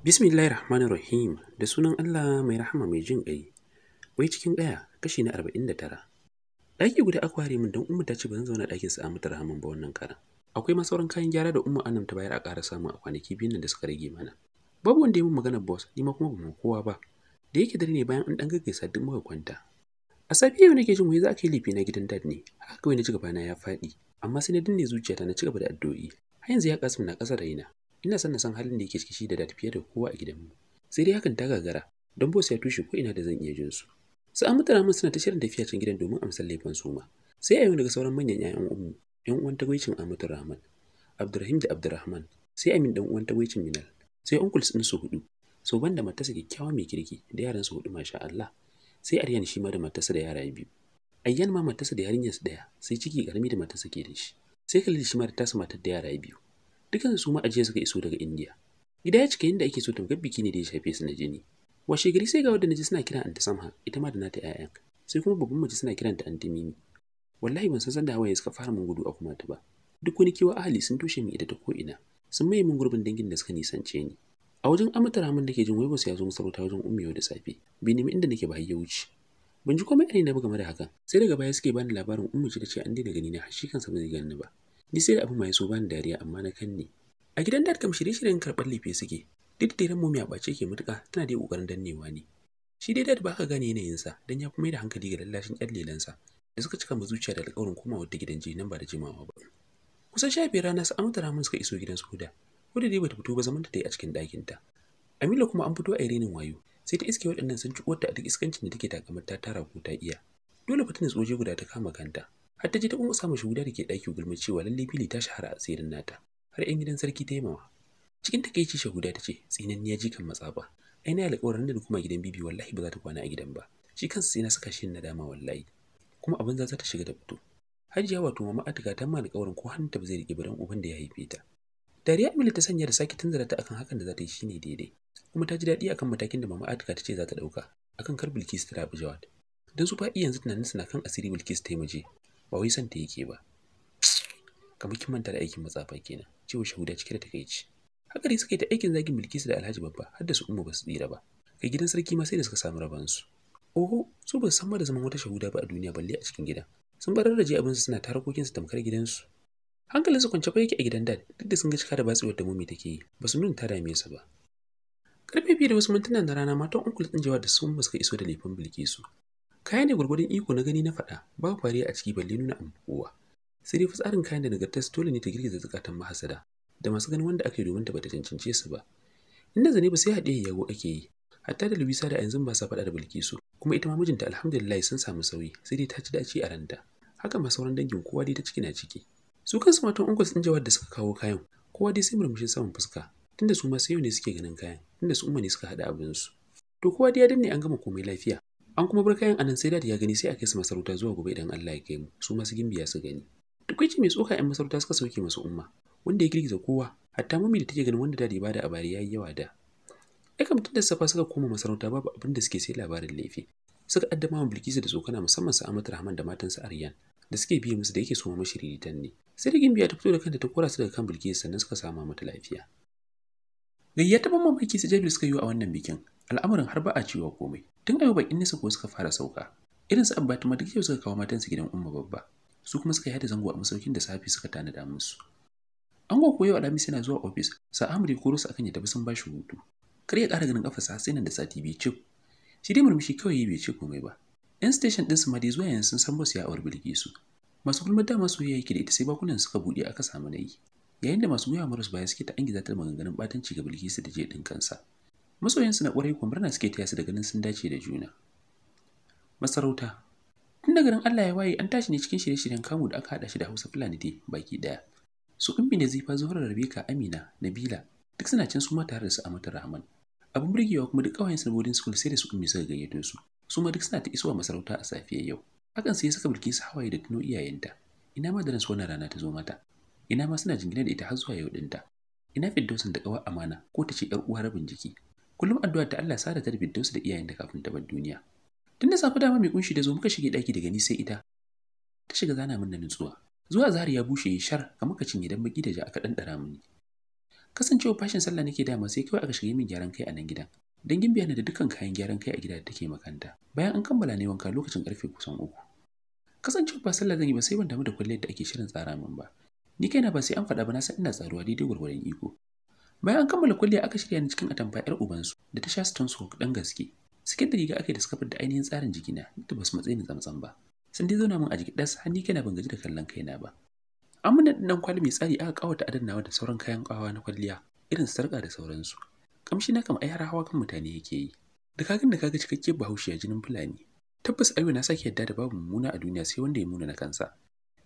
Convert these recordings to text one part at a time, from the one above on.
Bismillahir Rahmanir Rahim da sunan Allah mai rahama mai jin ƙai. Wai cikin ɗaya kashi na arba'in da tara. Ɗaki guda aka ware min don Umma ta ce ba zan zauna ɗakin su ta rahaman ba wannan karan. Akwai masauran kayan gyara da Umma Anam ta bayar a ƙara samu a kwanaki biyun da suka rage mana. Babu wanda ya yi magana boss, ni ma kuma ba mu kowa ba. Da yake dare ne bayan an ɗan gaggaisa duk muka kwanta. a safiya yau nake jin wai za ka yi lifi na gidan dad ne haka kawai na gaba na ya faɗi amma sai na danne zuciyata na ci gaba da addu'o'i har yanzu ya kasu na ƙasa raina ina son na san halin da yake cikin da dad fiye da kowa a gidanmu sai dai hakan ta gagara don boss ya tushe ko ina da zan iya jin su su an mutane mun suna ta shirin tafiya can gidan domin amsar laifin su ma sai a yau daga sauran manyan 'ya'yan ummu 'yan uwan tagwaicin Ahmadu Rahman Abdurrahim da Abdurrahman sai Amin dan uwan tagwaicin Minal sai uncles din su hudu so banda matarsa kyakkyawa mai kirki da yaran su hudu masha Allah sai Aryan shi ma da matarsa da yara biyu. Ayyan ma matarsa da yarinyarsa daya sai ciki ƙarami da matarsa ke da shi. Sai kalli shi ma da tasa matar da yara biyu. Dukan su ma ajiya suka iso daga India. Gida ya cika yadda ake so tamkar biki ne da ya shafe su na jini. Washe gari sai ga wadda naji suna kiran Anta Samha ita ma da nata 'ya'yan. Sai kuma babban mace suna kiranta Anta Mimi. Wallahi ban san sanda hawaye suka fara mun gudu a kuma ta ba. Duk wani kiwa ahali sun toshe min ita ta ko ina. Sun maye min gurbin dangin da suka nisance ni. a wajen amata ramin da ke jin wai ya zo masarauta wajen ummiyo da safe bi nemi inda nake ba ya wuce ban ji komai ne na game da hakan sai daga baya suke bani labarin ummi ce ta ce an daina gani na shi kansa ba zai gani ba ni sai da abu su so bani dariya amma na kan a gidan dad kam shirye-shiryen karɓar lefe suke duk da ran mai a ɓace ke mutuka tana dai ƙoƙarin dannewa ne shi dai dad ba ka gane sa don ya fi mai da hankali ga lallashin ƴar lelansa da suka cika zuciya da alƙawarin komawa da gidan je nan ba da jimawa ba kusan sha biyar su amintar suka iso gidan su huda ko da dai bata fito ba zaman ta yi a cikin ɗakinta amila kuma an fito a irinin wayo sai ta iske waɗannan sun ci ta a duk iskancin da take takamar ta tara ko ta iya dole fa tana tsoje guda ta kama kanta har ta je ta kuma samu guda da ke ɗaki gulma cewa lalle fili ta shahara a tsirin nata har 'yan gidan sarki ta yi mawa cikin ta ci shahuda ta ce tsinan ya ji kan matsafa. ai na alƙawarin da kuma gidan bibi wallahi ba za ta kwana a gidan ba shi kansa sai na saka shi na dama wallahi kuma abin za ta shiga da fito hajiya wato mama atika ta ma alƙawarin ko hannunta ba zai riƙe biran uban da ya haife ta Dariya Amina ta sanya da sake tunzura ta akan hakan da za ta yi shine daidai. Kuma ta ji daɗi akan matakin da Mama Atika ta ce za ta ɗauka akan kar Bilkisu ta rabu Jawad. Don su faɗi yanzu tunanin na kan asiri Bilkisu ta yi muje ba wai son ta yake ba. Kamar kin manta da aikin matsafa kenan, cewa shahuda cike da takaici. Haka dai suka yi ta aikin zagin Bilkisu da Alhaji Babba har da su Umma ba su tsira ba. Kai gidan sarki ma sai da suka samu rabansu. Oho, su ba san ma da zaman wata shahuda ba a duniya balle a cikin gidan. Sun bar raje je abinsu suna tarakokinsu tamkar gidansu. hankalin su kwance yake a gidan dad duk da sun ga cika da batsewar da mummy take yi ba su nuna ta dame su ba karfe biyu da wasu mintuna na rana matan uncle din jawar da sun suka iso da laifin bilkisu Kayan ne gwargwadon iko na gani na faɗa ba fariya a ciki balle nuna amfuwa sai dai fitsarin kayan da nagarta su dole ne ta girgiza zukatan mahasada da masu ganin wanda aka domin ta bata cancance su ba inda zane ba sai haɗe yawo ake yi hatta da Luwisa da yanzu ba sa faɗa da Bilkisu kuma ita ma mijinta alhamdulillah sun samu sauyi sai dai ta ci ci a ranta haka ma sauran dangin kowa dai ta ciki na ciki su kansu matan uncles ɗin jawar da suka kawo kayan kowa dai sai murmushin saman fuska tunda su ma sai yau ne suke ganin kayan tunda su umma ne suka haɗa su. to kowa dai ya danne an gama komai lafiya an kuma bar kayan anan sai da ya gani sai a kai su masarauta zuwa gobe idan Allah ya kai su ma su gimbiya su gani tukuici mai tsoka 'yan masarauta suka sauke masu umma wanda ya girgiza kowa hatta mami da take ganin wanda dadi bada a bari yayi yawa da ai kam tunda da safa suka koma masarauta babu abin da suke sai labarin laifi suka addama wa bilkisu da tsokana musamman su Rahman da matansa Aryan da suke biya musu da yake suma mashiriritan ne sai da gimbiya ta fito da kanta ta kora su daga kan bilkisu sannan suka samu mata lafiya gayya ta ban mamaki su suka yi a wannan bikin al'amarin har ba a cewa komai tun ayo bakin nesa ko suka fara sauka irin su abba ta duk yau suka kawo matansu gidan umma babba su kuma suka yi yada zango a masaukin da safi suka tanada musu ango koyo yau alhamis yana zuwa ofis sa amri ko rusa akan ya tafi sun bashi hutu kar ya kara ganin kafarsa sai nan da sati bi cif shi dai murmushi kawai bai ce komai ba 'yan station ɗin su madi zuwa yanzu sun san ba su ya awar bilge su masu gulma dama soyayya yake da ita sai bakunan suka buɗe aka samu nayi yi yayin da masu goya marus baya suke ta angiza ta maganganun batanci ga bilkisu da je ɗin kansa su na ƙwarai kuma murna suke taya su da ganin sun dace da juna masarauta tun da garin Allah ya waye an tashi ne cikin shirye-shiryen kamu da aka haɗa shi da Hausa Fulani dai baki ɗaya su ummi da zifa zuhra rabika amina nabila duk suna can su ma tare da su a mata rahman abin burgewa kuma duk ƙawayen sabodin school sai da su ummi suka gayyato su su ma duk suna ta isowa masarauta a safiyar yau hakan sai ya saka bilkisu hawaye da tuno iyayenta ina ma da ransu wannan rana ta zo mata ina ma suna jingina da ita har zuwa yau dinta ina fiddosin da kawar amana ko ta ce yar uwa rabin jiki kullum addu'a ta Allah sada ta fiddosu da iyayenta kafin ta bar duniya tun da safe dama mai kunshi da zo muka shige daki daga ni sai ita ta shiga zana min da nutsuwa zuwa zahar ya bushe ya shar kamar ka cinye dan baki da ja aka dan dara mini kasancewa fashin sallah nake dama sai kawai aka shige min gyaran kai a nan gidan Dangin biya da dukkan kayan gyaran kai a gida da take makanta. Bayan an kammala ne wanka lokacin karfe kusan uku. Kasancewa ba sallah zan yi ba sai ban damu da kwalliyar da ake shirin tsara min ba. Ni kaina ba sai an faɗa ba na san ina tsaruwa daidai gwargwadon iko. Bayan an kammala kwalliya aka shirya ni cikin atamfa 'yar ubansu da ta sha Stonescock ɗan gaske. Sikin da riga aka yi da suka da ainihin tsarin jikina duk da ba su matsayi ni tsamtsan ba. Sun dai zauna min a jiki ɗas har ni kaina ban gaji da kallon na ba. An mun nan kwali mai tsari aka kawata adannawa da sauran kayan ƙawa na kwalliya irin sarƙa da sauransu. kamshi na kam ai har hawa kan mutane yake yi da ka da kaga cikakke bahaushe a jinin fulani tabbas ayo na sake yadda da babu mummuna a duniya sai wanda ya muna na kansa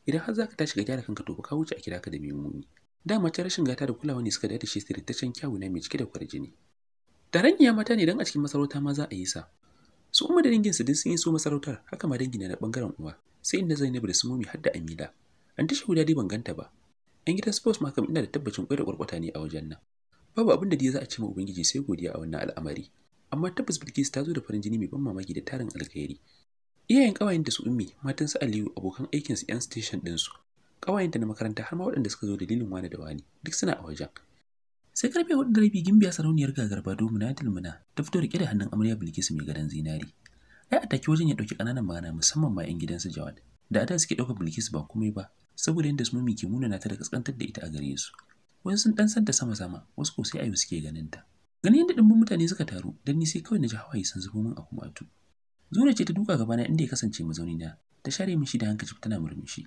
idan har zaka tashi ka gyara kanka to ka wuce a kira ka da muni dama mace rashin gata da kulawa ne suka da shi can kyawu na mai cike da kwarjini Daranya mata ne dan a cikin masarauta ma za a yi sa. Su umma da dangin su duk sun yi su masarautar, haka ma dangi na bangaren uwa. Sai inda Zainabu da Sumumi har da Amila. An tashi guda dai ban ganta ba. An gidan sports ma kam ina da tabbacin kwai da ne a wajen nan. babu abin da dai za a ce ma ubangiji sai godiya a wannan al'amari amma tabbas bilkis ta zo da farin jini mai ban mamaki da tarin alkhairi iyayen ƙawayen da su ummi matan su aliyu abokan aikin su yan station din su ƙawayenta na makaranta har ma waɗanda suka zo dalilin wani da wani duk suna a wajen sai karfe hudu da rabi gimbiya sarauniyar gagarba na dilmina ta fito rike da hannun amarya bilkisu mai gadon zinari ai a take wajen ya dauki kananan magana musamman ma 'yan su jawad da a da suke dauka bilkisu ba komai ba saboda yadda su mummi ke munana ta da kaskantar da ita a gare su Wani sun ɗan santa sama-sama wasu ko sai ayu suke ganin ta ganin yadda ɗumbin mutane suka taru dan ni sai kawai na ji hawaye sun zubo min a kumatu zura ce ta duka gaba gabana inda ya kasance mazauni na ta share min shi da hankali tana murmushi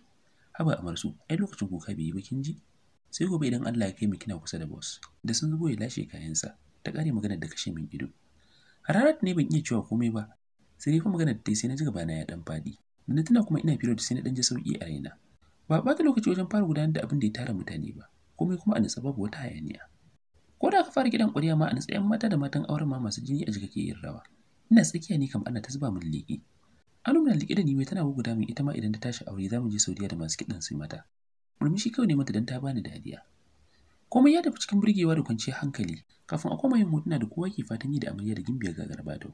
haba amarsu ai lokacin kuka bai yi ba kin ji sai gobe idan Allah ya kai mu kina kusa da boss da sun zubo ya lashe kayansa ta kare magana da kashe min ido hararat ne ban iya cewa komai ba sai dai fa magana da sai na ji na ya dan fadi na tuna kuma ina period sai na dan ji sauki a raina ba ta lokaci wajen fara gudanar da abin da ya tara mutane ba komai kuma a nitsa babu wata hayaniya ko da aka fara gidan ƙwarya ma a nitsa yan mata da matan auren ma masu jini a jika ke yin rawa ina tsakiya ni kam ana ta zuba min liƙi an nuna liƙi da ni mai tana guguda min ita ma idan ta tashi aure za mu je saudiya da masu kiɗan su mata murmushi kawai ne mata don ta bani dariya komai ya tafi cikin burgewa da kwanciyar hankali kafin a koma yin hotuna da kowa ke fatan yi da amarya da gimbiya ga garbato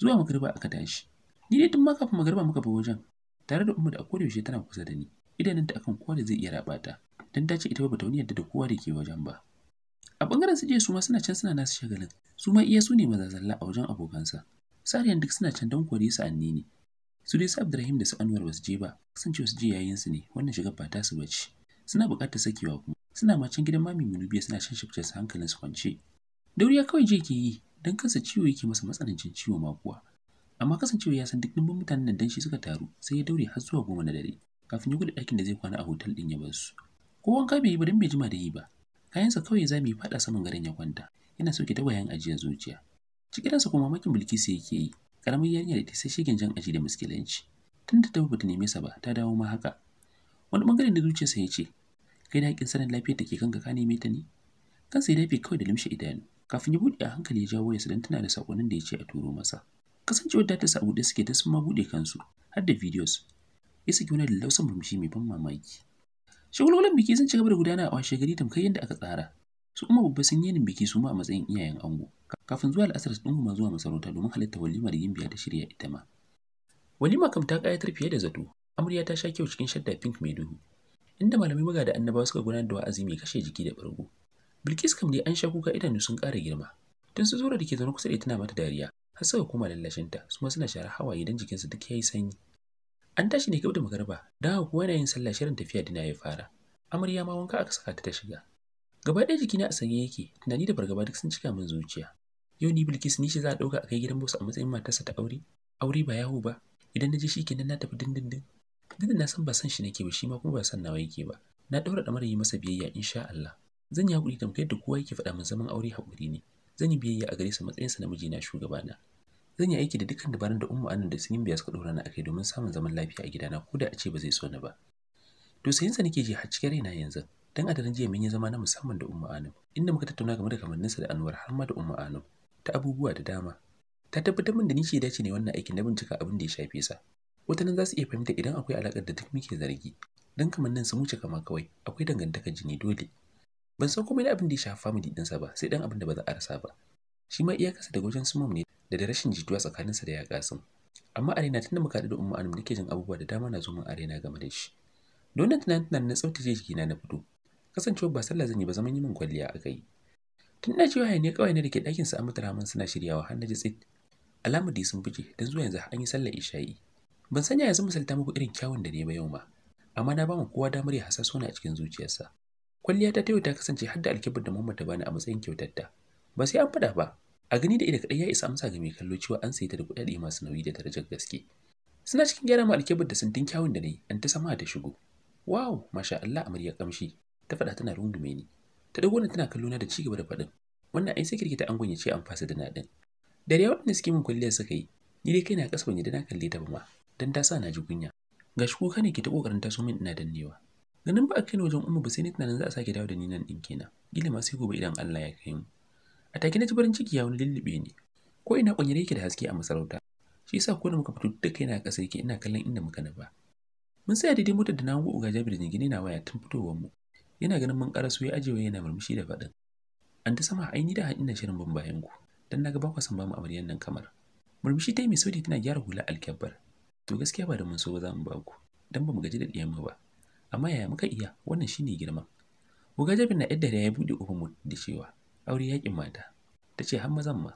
zuwa magariba aka tashi ni dai tun ma kafin magariba muka bi wajen tare da umma da a kodayaushe tana kusa da ni idanunta akan kowa da zai iya raba ta don ta ce ita ba ta wani yadda da kowa da ke wajen ba a bangaren su je su ma suna can suna nasu shagalin su ma iya su ne zalla a wajen abokansa sariyan duk suna can don kore su annini su dai su abdurrahim da su anwar ba su je ba kasancewa su je yayin su ne wannan shiga ba ta su bace suna buƙatar sakewa kuma suna macen gidan mami munubiya suna shan shiftar su hankalin su kwance dauriya kawai je ke yi don kansa ciwo yake masa matsanancin ciwo ma kuwa amma kasancewa ya san duk dimbin mutanen nan dan shi suka taru sai ya daure har zuwa goma na dare kafin ya gudu ɗakin da zai kwana a hotel ɗin ya bar su. Ko wanka bai yi ba don bai jima da yi ba. Kayansa kawai za mu yi faɗa saman garin ya kwanta. Yana sauke tawayen ajiyar zuciya. Cikinsa kuma mamakin Bilkisu yake yi. Karamin yarinya da ta sai shigin jan aji da muskilanci. Tun da tafi bata neme sa ba, ta dawo ma haka. Wani bangare da zuciyarsa ya ce, kai da haƙƙin sanin lafiyar da ke kanka ka neme ta ne? Kansa ya dafe kawai da limshe idanu. Kafin ya buɗe a hankali ya jawo wayarsa, don tana da saƙonin da ya ce a turo masa. Kasancewar datarsa a buɗe suke ta sun ma buɗe kansu, har da videos ya saki wani lallausan murmushi mai ban mamaki. Shagulgulan biki sun ci gaba da gudana a washe gari tamkar yadda aka tsara. Su kuma babba sun yi biki su ma a matsayin iyayen ango. Kafin zuwa al'asar su ɗunguma zuwa masarauta domin halitta walimar gimbiya ta shirya ita ma. Walima kam ta ƙayatar fiye da zato. Amarya ta sha kyau cikin shadda pink mai duhu. Inda malamai maga da annabawa suka gudanar da wa'azi mai kashe jiki da bargo. Bilkis kam dai an sha kuka idanu sun ƙara girma. Tun su zura da ke zaune kusa da ita tana mata dariya. Har suka koma lallashinta, su ma suna share hawaye don jikinsu duk ya yi sanyi. An tashi ne kabda da magarba, da haka kowa yana yin sallah shirin tafiya dina ya fara. Amarya ma wanka aka saka ta ta shiga. Gaba ɗaya jiki na a sanye yake, tunani da fargaba duk sun cika min zuciya. Yau ni Bilkisu ni shi za a ɗauka a kai gidan bosu a matsayin matarsa ta aure? Aure ba yahu ba, idan na je shi kenan na tafi dindindin. Duk na san ba san shi nake ba shi ma kuma ba san nawa yake ba. Na ɗaura ɗamar yi masa biyayya insha Allah. Zan yi haƙuri tamkar yadda kowa yake faɗa min zaman aure haƙuri ne. Zan yi biyayya a gare sa matsayinsa na mijina shugabana. zan yi aiki da dukkan dabarun da umma annan da biya suka dora na akai domin samun zaman lafiya a gidana ko da a ce ba zai so ni ba to sayinsa nake ji har cikin raina yanzu dan a daren jiya mun yi zama na musamman da umma annan inda muka tattauna game da kamanninsa da anwar har ma da umma annan ta abubuwa da dama ta tabbatar min da ni ce dace ne wannan aikin na bincika abin da ya shafe sa watanin za su iya fahimta idan akwai alaƙar da duk muke zargi don kamannin su muce kama kawai akwai dangantakar jini dole ban san komai abin da ya shafi family ɗinsa ba sai dan abin da ba za a rasa ba shi ma iyakarsa daga wajen sumam ne da da rashin jituwa tsakaninsa da ya kasim amma arena tunda muka haɗu da umma anum nake jin abubuwa da dama na zo arena game da shi don nan tunanin tunanin na tsautace jikina na na fito kasancewa ba sallah zan yi ba zaman yi min kwalliya aka yi tun na jiwa ne kawai na da ke ɗakin sa amma mun suna shiryawa har na ji tsit alamu da sun buje don zuwa yanzu an yi sallar isha'i ban sanya yanzu misalta muku irin kyawun da ne ba yau ma amma na ba mu kowa damar ya hasaso na a cikin zuciyarsa kwalliya ta tayo ta kasance har da alkibar da Muhammad ta bani a matsayin ta ba sai an fada ba a gani da ita kaɗai ya isa amsa ga mai kallo cewa an sayi ta da kuɗaɗe masu nauyi da darajar gaske suna cikin gyara mai alkebar da sintin kyawun da na yi an ta sama ta shigo wow masha Allah amarya kamshi ta faɗa tana rungume ni ta dago ni tana kallo na da cigaba da faɗin wannan ai sai kirkita an ya ce an fasa da nadin da rewa wannan suke min kwalliya suka yi ni dai kaina kasa ban da na kalle ta ba ma dan ta sa na ji kunya ga shi kuka ne ke ta kokarin taso min ina dannewa ganin ba a kai wajen umma ba sai ni tunanin za a sake dawo da ni nan din kenan gilma sai gobe idan Allah ya kai a take na ji ciki ya wani lullube ni ko ina kunyare yake da haske a masarauta shi yasa ko da muka fito duka yana kasa yake ina kallon inda muka nufa mun tsaya daidai motar da na hango uga jabir jingine na waya tun fitowar mu yana ganin mun karasu ya ajewa yana murmushi da faɗin an ta sama aini da da shirin bin bayan ku dan naga ba ku san ba mu amaryan nan kamar murmushi ta mai saudi tana gyara hula alkabbar to gaskiya ba da mun so ba za mu ba ku dan ba mu gaji da diyan mu ba amma yaya muka iya wannan shine girma uga na yadda ya buɗe ofin mu da cewa aure yakin mata ta ce har mazan ma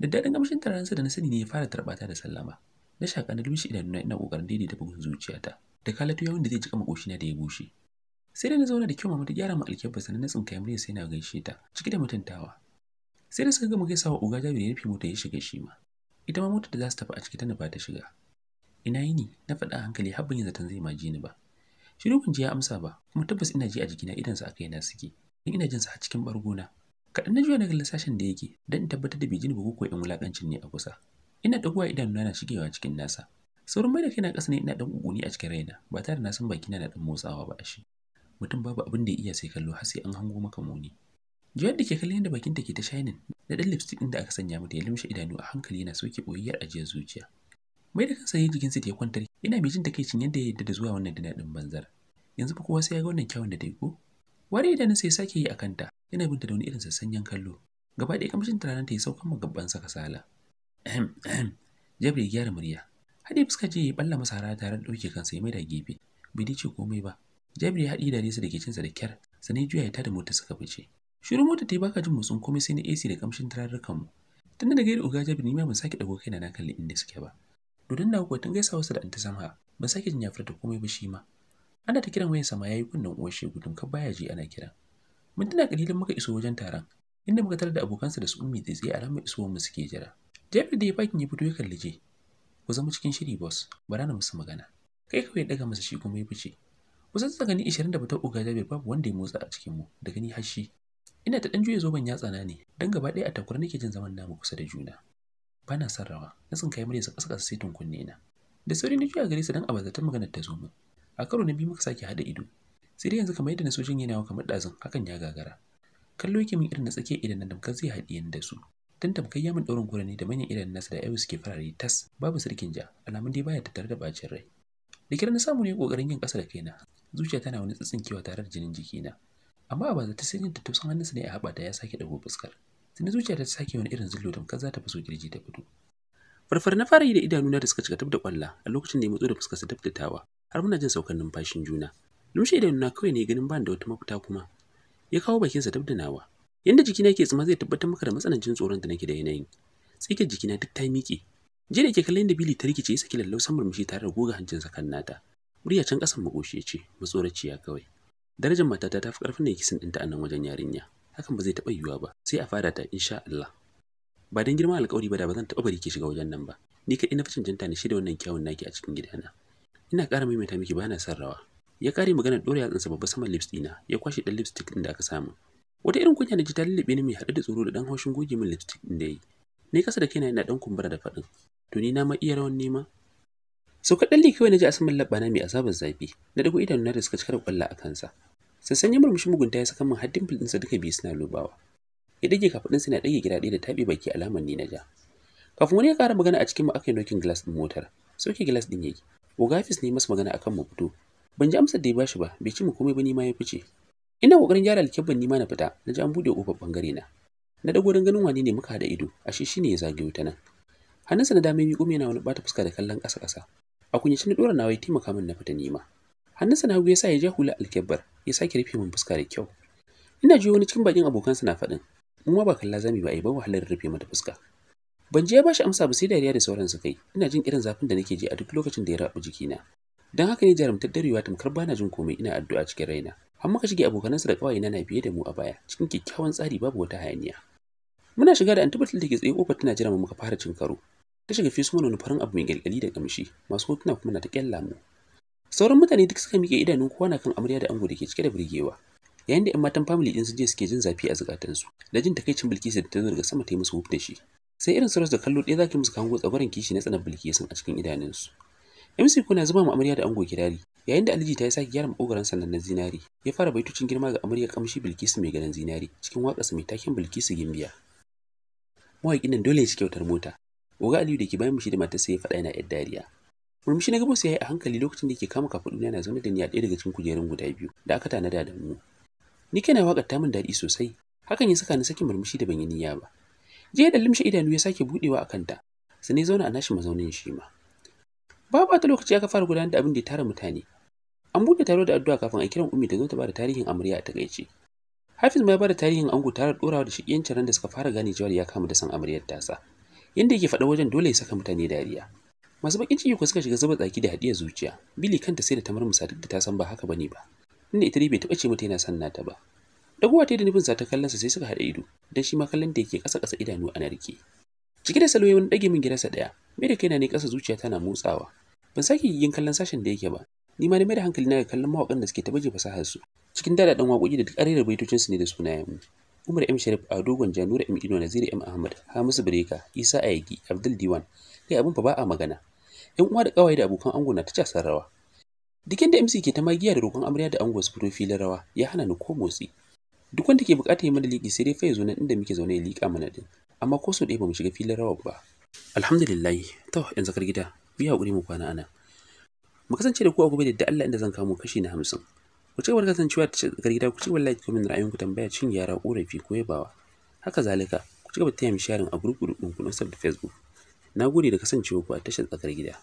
da daɗin gamshin tararansa da na sani ne ya fara tarbata da sallama na shaƙa na lumshi idanuna ina ƙoƙarin da bugun zuciyata da kalatu yawon da zai jika makoshina da ya bushe sai da na zauna da kyau ma ta gyara ma alkyabba sannan na tsinka murya sai na gaishe ta ciki da mutuntawa sai da suka gama wa uga jabi ya rufe mota ya shiga shi ma ita ma motar da za su tafi a ciki tana nufa ta shiga ina yini na faɗa hankali har ban yi zaton zai maji ni ba shiru ban ji ya amsa ba kuma tabbas ina ji a jikina idan sa yi na suke ina jin sa a cikin bargona kaɗan na juya daga lissashin da yake don in tabbatar da bijin bugu ko in wulaƙancin ne a kusa ina ɗaguwa nuna na shigewa cikin nasa saurin mai da kaina ƙasa ne ina ɗan ƙuƙuni a cikin raina ba tare na san bakina na ɗan motsawa ba a shi mutum babu abin da ya iya sai kallo har sai an hango maka muni juyar da ke kallon yadda bakinta ke ta shining da ɗan lipstick ɗin da aka sanya mata ya lumshe idanu a hankali yana soke ɓoyayyar ajiyar zuciya mai da kansa ya jikinsa ta kwantar ina mai jin takaicin yadda ya yarda da zuwa wannan dina ɗin banzar yanzu fa kowa sai ya ga wannan kyawun da ta yi ko da na ya sake yi a kanta, yana binta da wani irin sassan kallo. Gaba ɗaya kamshin tunanin ta ya saukan sa kasala. Ahem, ahem, Jabri ya gyara murya. Haɗe fuska ce ya balla masa tare da ɗauke kansa ya maida gefe. Bai dace komai ba. Jabri ya haɗi da nesa da ke cinsa da kyar, sannan juya ya tada mota suka fice. Shirin mota ta yi baka jin motsin komai sai na AC da kamshin tunanin mu. Tunda da gaida Uga Jabri ni ma ban sake ɗago kaina na kalli inda suke ba. Dodon na kuwa tun gaisa wasu da ta sama ban sake jin ya komai ba shi ma. Ana ta kiran wayan sama yayi kunnen uwashe gudun ka baya ji ana kira. Mintuna kalilan muka iso wajen taron, inda muka tarar da abokansa da su ummi tsaye alamar isowar mu suke jira. Jabir da ya fakin ya fito ya kalli je. Ku zama cikin shiri boss, bara na musu magana. Kai kawai daga masa shi kuma ya fice. Kusan tsakani 20 da fitar uga Jabir babu wanda ya motsa a cikin mu, da gani har shi. Ina ta dan juya zoben ya tsana ne, dan gaba ɗaya a takura nake jin zaman namu kusa da juna. Bana son rawa, na tsinkaye sa ƙasa ƙasa sai tunkunne na. Da sauri na juya gare sa dan maganar ta zo mu. a karo na biyu muka sake haɗa ido sai dai yanzu kamar yadda na sojin yana wa kamar ɗazun hakan ya gagara kallo yake min irin na tsakiyar idan na damkar zai haɗi da su dan tamkar yamin ɗaurin gora ne da manyan idan nasa da ayyuka suke farare tas babu sirkin ja alamun dai baya tattare da bacin rai da kiran na samu ne kokarin yin kasa da kaina zuciya tana wani tsitsinkewa tare da jinin jikina amma a bazata sai yin tattausan hannunsa ne a haɓa da ya sake ɗago fuskar sai zuciya ta sake wani irin zillo tamkar za ta faso kirji ta fito farfar na fara yi da idanuna da suka cika tab da kwalla a lokacin da ya matso da fuskar sa tawa har muna jin saukan numfashin juna lumshe da nuna kawai ne ganin ban da wata mafita kuma ya kawo bakinsa dab da nawa yanda jikina yake tsima zai tabbatar maka da matsanancin tsoron da nake da yanayin Tsikin jikina duk ta miƙe jiya da ke kallon da bili ta rikice ya saki san murmushi tare da goga hancinsa kan nata murya can ƙasan makoshi ya ce matsoraciya kawai darajar matata ta fi ƙarfin da kisan ɗinta a nan wajen yarinya hakan ba zai taɓa yiwuwa ba sai a fara ta insha Allah ba dan girman alƙawari ba da ba zan taɓa bari ke shiga wajen nan ba ni kaɗai na fi cancanta ni shi da wannan kyawun naki a cikin gidana ina ƙara maimaita miki bana son rawa ya ƙare magana ɗora yatsansa babba saman lips ɗina ya kwashe ɗan lipstick ɗin da aka samu wata irin kunya na ji ta lullube ni mai haɗu da tsoro da ɗan haushin goge min lipstick ɗin da yi ni kasa da kaina ina ɗan kumbura da faɗin to ni na ma iya rawan nema sau kaɗan kawai na ji a saman labbana mai azabar zafi na ɗago idanu na da suka cika da ƙwallo a kansa sassan ya murmushi mugunta ya saka min har dimple ɗinsa duka biyu suna lubawa ya dage kafaɗinsa na ɗage gida ɗaya da taɓe baki alamar ni na ja kafin wani ya ƙara magana a cikin mu aka yi nokin glass ɗin motar sauke glass ɗin yayi Oga ne masa magana akan mu fito. Ban ji amsar da ya bashi ba, bai ci mu komai ba ni ya fice. Ina kokarin gyara alkyabban ni na fita, na ji an bude kofar bangare na. Na dago don ganin wani ne muka hada ido, ashe shine ya zagayo ta nan. Hannunsa na dame miƙo yana wani bata fuska da kallon ƙasa-ƙasa. A kunyace na dora nawa ya taimaka min na fita nima. Hannunsa na hagu ya sa ya ja hula alkyabbar, ya sake rufe min fuska da kyau. Ina ji wani cikin bakin abokansa na faɗin, mu ma ba kalla zami ba a yi ba wahalar rufe mata fuska. ban je ya shi amsa ba sai dariya da sauran su kai ina jin irin zafin da nake ji a duk lokacin da ya rabu jikina dan haka ne jarumtar darewa tamkar bana jin komai ina addu'a cikin raina Amma ka shige abokanansa da kawai na biye da mu a baya cikin kyakkyawan tsari babu wata hayaniya muna shiga da antibiotics da ke tsaye kofar tana jira mu muka fara cin karo ta shiga fesu mana farin abu mai galgali da kamshi masu hotuna kuma na ta kyalla mu sauran mutane duk suka miƙe idanun kowa na kan amarya da ango da ke cike da burgewa yayin da 'yan matan family din su je suke jin zafi a zukatansu da jin takaicin bilkisu da ta zo daga sama ta yi musu da shi sai irin su da kallo ɗaya zaki musu kango tsabarin kishi na tsanan bilkisun a cikin idanunsu MC kuna zuba ma amarya da ango kirari yayin da Aliji ta yi sake gyara makogaran sannan na zinari ya fara baitocin girma ga amarya kamshi Bilkisu mai ganin zinari cikin su mai taken Bilkisu Gimbiya mawaƙin nan dole ya ci kyautar mota Oga Aliyu da ke bayan mushi da matarsa ya faɗa yana yar dariya Murmushi na sai ya yi a hankali lokacin da ke kama kafaɗuna na zaune da ni a ɗaya daga cikin kujerun guda biyu da aka tanada da mu. Ni kaina waƙar ta min daɗi sosai, hakan ya saka ni sakin murmushi da ban yi niyya ba. jiya da limshi idanu ya sake budewa a kanta sai ne zauna a nashi mazaunin shi ma babu ta lokaci aka fara gudanar da abin da ya tara mutane an buɗe taro da addu'a kafin a kiran ummi da zo ta bada tarihin amarya a takaice hafiz mai bada tarihin ango tare da dorawa da shiƙiyancin ran da suka fara gane jawar ya kama da san amaryar tasa inda yake faɗa wajen dole ya saka mutane dariya masu bakin ciki ko suka shiga zuba tsaki da hadiyar zuciya bili kanta sai da tamar musa duk da ta san ba haka bane ba inda ita dai bai taɓa ce mata yana son nata ba Dagowa ta da nufin sa ta kallon sa sai suka haɗa ido, dan shi ma kallon da yake ƙasa-ƙasa idanu ana rike. Cike da salo wani ɗage min gidansa ɗaya, mai da kaina ne ƙasa zuciya tana motsawa. Ban sake yin kallon sashen da yake ba, ni ma na mai da hankali na ga kallon mawaƙan da suke ta baje fasahar su. Cikin ɗan waƙoƙi da duk ƙarerar su ne da sunayen mu. Umar M Sharif a dogon Janura M Ino Naziri M Ahmad, Hamisu Bireka, Isa Ayagi, Abdul Diwan. Kai abin fa ba a magana. Yan uwa da ƙawaye da abokan ango na ta casar rawa. Dikin da MC ke ta magiya da roƙon amarya da ango su fito filin rawa ya hana ni ko motsi. duk wanda ke bukata ya mana liƙi sai dai fa ya zo nan inda muke zaune ya liƙa mana din amma ko so ɗaya ba mu shiga filin rawa ba alhamdulillah to yan zakar gida mu yi haƙuri mu kwana ana mu kasance da ku a gobe da Allah inda zan kamo kashi na hamsin ku ce da kasancewa da zakar gida ku ci gaba da komen ra'ayinku tambaya cin yara ƙorafi ko yabawa haka zalika ku ci gaba da taya mu sharing a group group ɗinku na da Facebook na gode da kasancewa ku a tashar tsakar gida